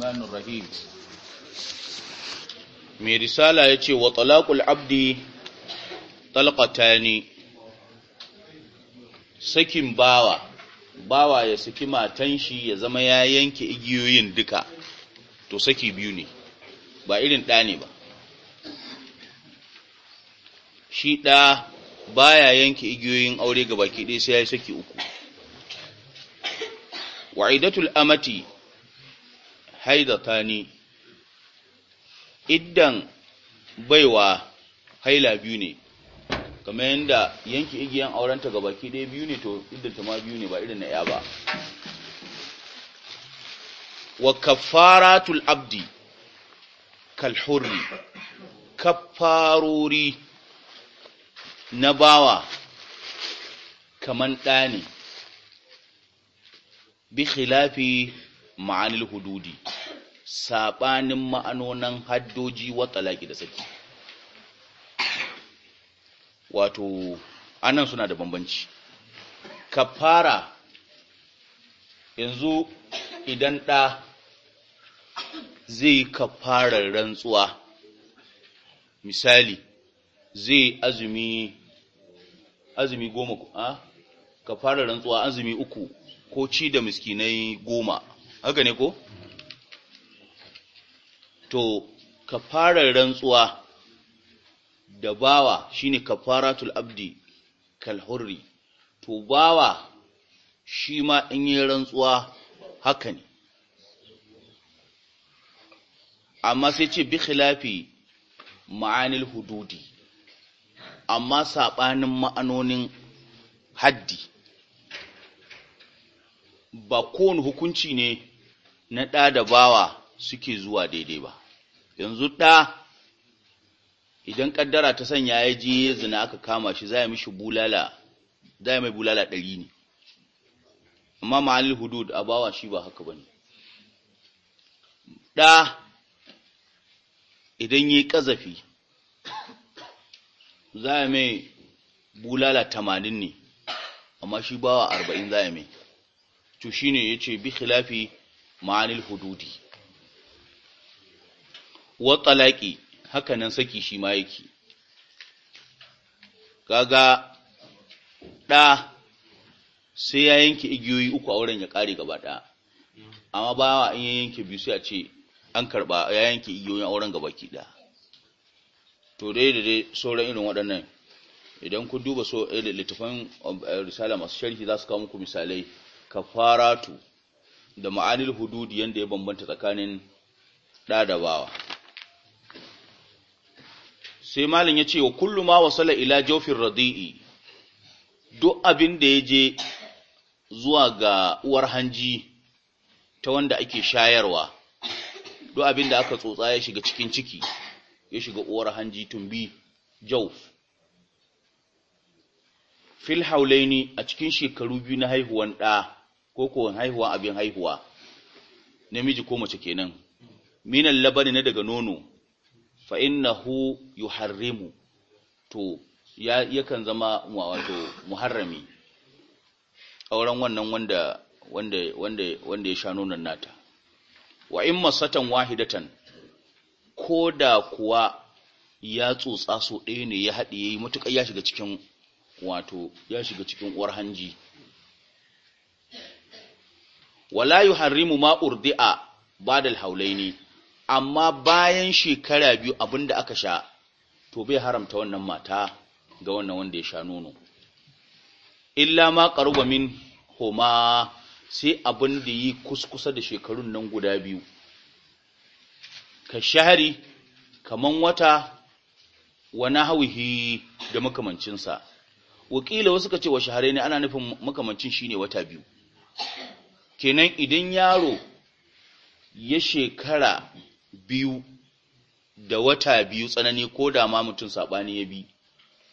الرحمن mai risala ya ce wa talakul abdi talakata ne sakin bawa bawa ya saki matan shi ya zama ya yanke igiyoyin duka to saki biyu ne ba irin ɗa ne ba shi ɗa baya yanke igiyoyin aure ga baki ɗaya sai saki uku wa'idatul amati haidatani iddan baiwa haila biyu ne kamar yadda yanki igiyan aurenta ga baki dai biyu ne to iddanta ma biyu ne ba irin na ya ba wa kafaratul abdi kalhurri kafarori na bawa kaman ɗa ne bi khilafi ma'anil hududi saɓanin ma'anonan haddoji wa da saki wato anan suna da bambanci fara yanzu idan ɗa zai ka fara rantsuwa misali zai azumi azumi goma a fara rantsuwa azumi uku ko ci da miskinai goma haka ne ko to kafarar rantsuwa da bawa shine kafaratul abdi kalhurri to bawa shi ma in yi rantsuwa haka ne amma sai ce bi khilafi ma'anil hududi amma saɓanin ma'anonin haddi ba kowane hukunci ne na ɗa da bawa suke zuwa daidai ba yanzu ɗa idan ƙaddara ta sanya ya je zina aka kama shi za mishi bulala za mai bulala ɗari ne amma ma'alil hudud a bawa shi ba haka ba ne ɗa idan yi ƙazafi za mai bulala tamanin ne amma shi bawa arba'in za mai to shi ne ya ce bi khilafi ma'anil hududi wa talaki haka nan saki shi ma yake kaga ɗa sai ya yanke igiyoyi uku a wurin ya kare gaba da amma ba wa in ya yanke biyu sai a ce an karba ya yanke igiyoyin auren gaba ki da to dai da dai sauran irin waɗannan idan ku duba so eh, littafan eh, risala masu sharhi za su kawo muku misalai kafaratu da ma'anil hududi yanda ya bambanta tsakanin ɗa da bawa sai malin ya ce wa kullu ma wasala ila jofin radi'i duk abin da ya je zuwa ga uwar hanji ta wanda ake shayarwa duk abin da aka tsotsa ya shiga cikin ciki ya shiga uwar hanji tumbi jauf fil haulaini a cikin shekaru biyu na haihuwan ɗa ko kowane haihuwa abin haihuwa namiji ko mace kenan minan labari na daga nono fa innahu yuharrimu to yakan zama wato muharrami auren wannan wanda ya sha nonon nata wa in masatan wahidatan ko da kuwa ya tsotsa so ɗaya ne ya haɗe yi matuƙar ya shiga cikin wato ya shiga cikin uwar hanji wala yuharrimu ma urdi'a da haulai ne. amma bayan shekara biyu abin da aka sha to bai haramta wannan mata ga wannan wanda ya sha nono illa ma qaruba min homa sai abin da yi kuskusa da shekarun nan guda biyu ka shahari kaman wata wa hawihi da makamancinsa wakila wasu ka ce wa shahare ne ana nufin makamancin shine wata biyu kenan idan yaro ya shekara biyu da wata biyu tsanani ko da ma mutum saɓani ya bi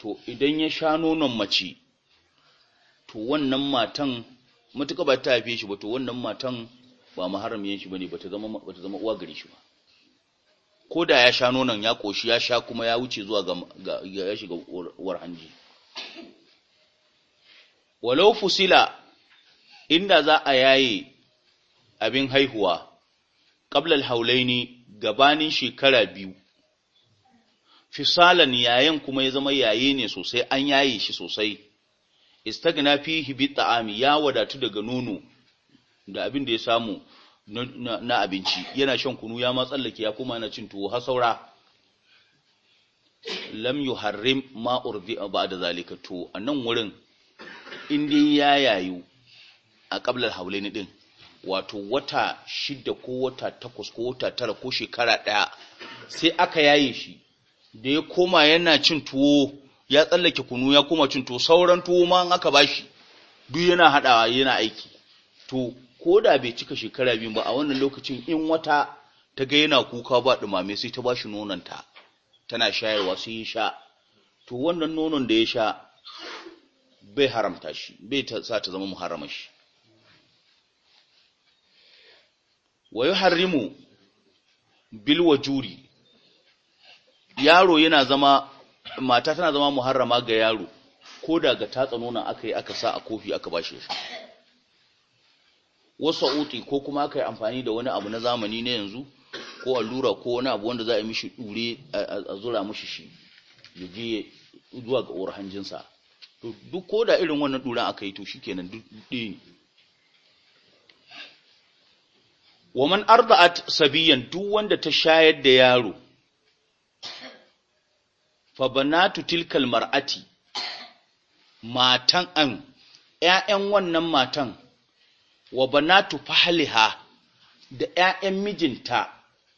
to idan ya sha nonon mace to wannan matan matuka ba ta haife shi ba to wannan matan ba maharamiyan shi bane bata zama ta zama uwa gari shi ba ko da ya sha nonon ya ƙoshi ya sha kuma ya wuce zuwa ga ya shiga uwar hanji walau fusila inda za a yaye abin haihuwa ƙablal haulai ne. gabanin shekara biyu fisalan yayin kuma ya zama yayi ne sosai an yaye shi sosai istagna fi hibi ta'ami ya wadatu daga nono da abin da ya samu na abinci yana shan kunu ya matsallake ya kuma na cin tuwo har saura lam yuharrim da urdi da zalika to nan wurin in dai ya yayu a ƙablar haulini ɗin. wato wata shida ko wata takwas ko wata tara ko shekara ɗaya sai aka yaye shi da ya koma yana cin tuwo ya tsallake kunu ya koma cin tuwo sauran tuwo ma an aka bashi duk yana haɗawa yana aiki to ko da bai cika shekara biyu ba a wannan lokacin in wata ta ga yana kuka ba ɗumame sai ta bashi nononta tana shayarwa sai ya sha to wannan nonon da ya sha bai haramta shi bai sa ta zama muharrama shi wa harimu Bilwa Juri, yaro yana zama mata tana zama muharrama ga yaro ko da ga tatsa aka yi aka sa a kofi aka bashe shi wasu uti ko kuma aka yi amfani da wani abu na zamani na yanzu ko allura ko wani abu wanda za a yi mishi dure a zura mishi shi ya je zuwa ga uwar hanjinsa duk ko da irin wannan duran aka yi to kenan duk ɗaya ne wa man arda'at sabiyan duk wanda ta shayar da yaro fa banatu tilkal mar'ati matan an ƴaƴan wannan matan wa banatu fahliha da ƴaƴan mijinta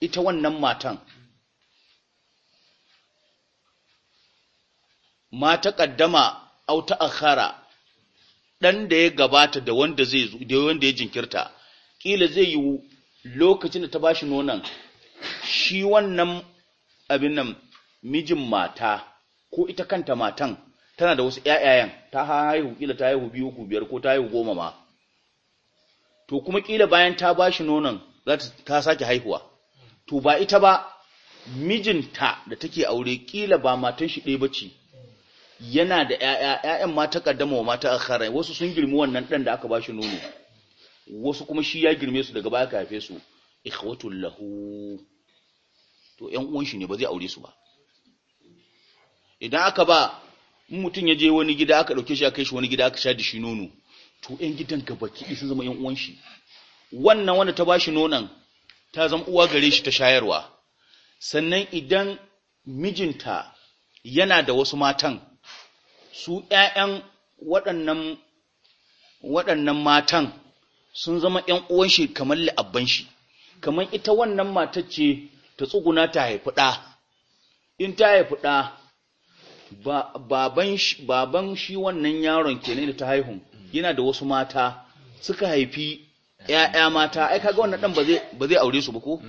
ita wannan matan ma ta kaddama au ta akhara dan da ya gabata da wanda zai da wanda ya jinkirta kila zai yi lokacin da ta bashi nonon shi wannan abin nan mijin mata ko ita kanta matan tana da wasu ƴaƴayen ta haihu kila ta haihu biyu ko biyar ko ta haihu goma ma to kuma kila bayan ta bashi nonon za ta sake haihuwa to ba ita ba mijinta da take aure kila ba matan shi ɗaya bace yana da ƴaƴa ƴaƴan mata kaddama wa mata akhara wasu sun girmi wannan dan da aka bashi nono wasu kuma shi ya girme su daga baya kafe su ikhwatul lahu to ƴan uwan shi ne ba zai aure su ba idan aka ba in mutum ya je wani gida aka dauke shi aka kai shi wani gida aka sha da shi nono to ƴan gidan baki sun zama ƴan uwan shi wannan wanda ta bashi nonon ta zama uwa gare shi ta shayarwa sannan idan mijinta yana da wasu matan su ƴaƴan waɗannan waɗannan matan sun zama ‘yan uwan shi kamar la'abban shi, kamar ita wannan matar ce ta tsuguna ta haifi ɗa, in ta haifi ɗa, baban shi wannan yaron kenan da ta haihun yana da wasu mata suka haifi ‘ya'ya mata, ai kaga wannan ɗan ba zai aure su ba ko?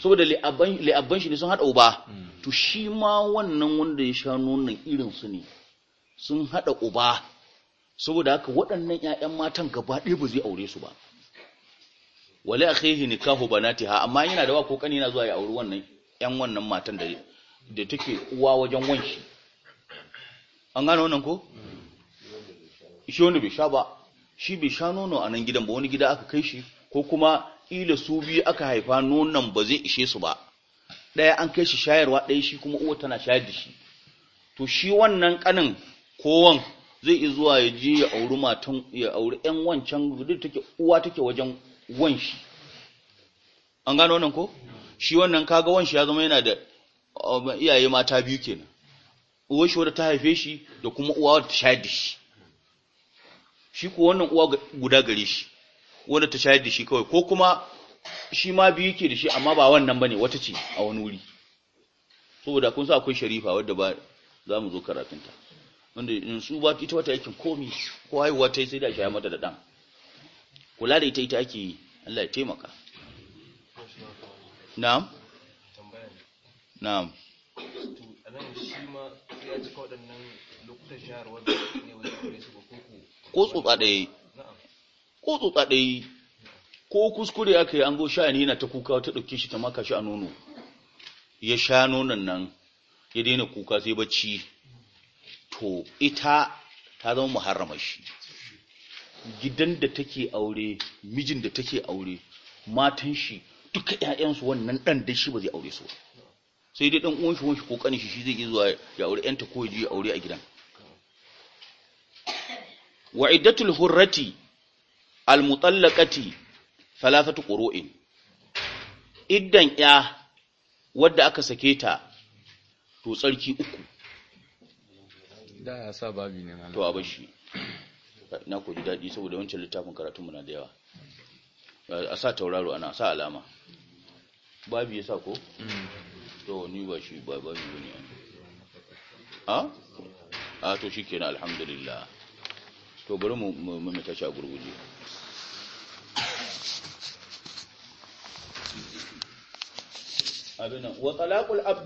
Saboda la'abban shi ne sun haɗa uba, to shi ma wannan wanda ya sha irin irinsu ne, sun haɗa uba. saboda haka waɗannan ‘ya'yan matan gaba ɗaya ba zai aure su ba wala akhihi nikahu banatiha amma yana da wa kokani yana zuwa ya auri wannan yan wannan matan da da take uwa wajen wanshi an gano wannan ko shi wani bai sha ba shi bai sha nono a nan gidan ba wani gida aka kai shi ko kuma ila su biyu aka haifa nonon ba zai ishe su ba ɗaya an kai shi shayarwa ɗaya shi kuma uwa tana shayar da shi to shi wannan kanin kowan zai yi zuwa ya je ya auri matan ya auri ƴan wancan da take uwa take wajen wanshi an gano wannan ko shi wannan kaga wanshi ya zama yana da um, iyaye mata biyu kenan uwar shi wadda ta haife shi da kuma uwa wadda ta shayar da shi shi ko wannan uwa guda gare shi wadda ta shayar da shi kawai ko kuma shi ma biyu yake da shi amma ba wannan bane wata ce a wani wuri saboda kun sa akwai sharifa wadda ba za mu zo karatunta wanda in su ba ita wata yakin komi ko haihuwa ta yi sai da shi ya mata da ɗan kula da ita ita ake yi Allah ya taimaka na'am na'am ko tsotsa ɗaya ko tsotsa ɗaya ko kuskure aka yi an go sha'ani yana ta kuka ta ɗauke shi ta maka shi a nono ya sha nonon nan ya daina kuka sai bacci to ita ta zama muharrama shi gidan da take aure mijin da take aure matan shi duka ƴaƴansu wannan dan da shi ba zai aure su sai dai dan uwan shi wanshi ko kanin shi shi zai zuwa ya aure ƴanta ko ya aure a gidan wa iddatul hurrati al mutallaqati thalathatu qurun iddan ya wadda aka sake ta to tsarki uku da ya sa babu ne to abashi na ku ji daɗi saboda wancan littafin karatunmu na da yawa a sa tauraro ana sa alama babu ya sa ko? to ni ba shi ba babu ne a? a to shi kenan alhamdulillah to bari mu mamita shi a gurguje abinan wa talaqul abdi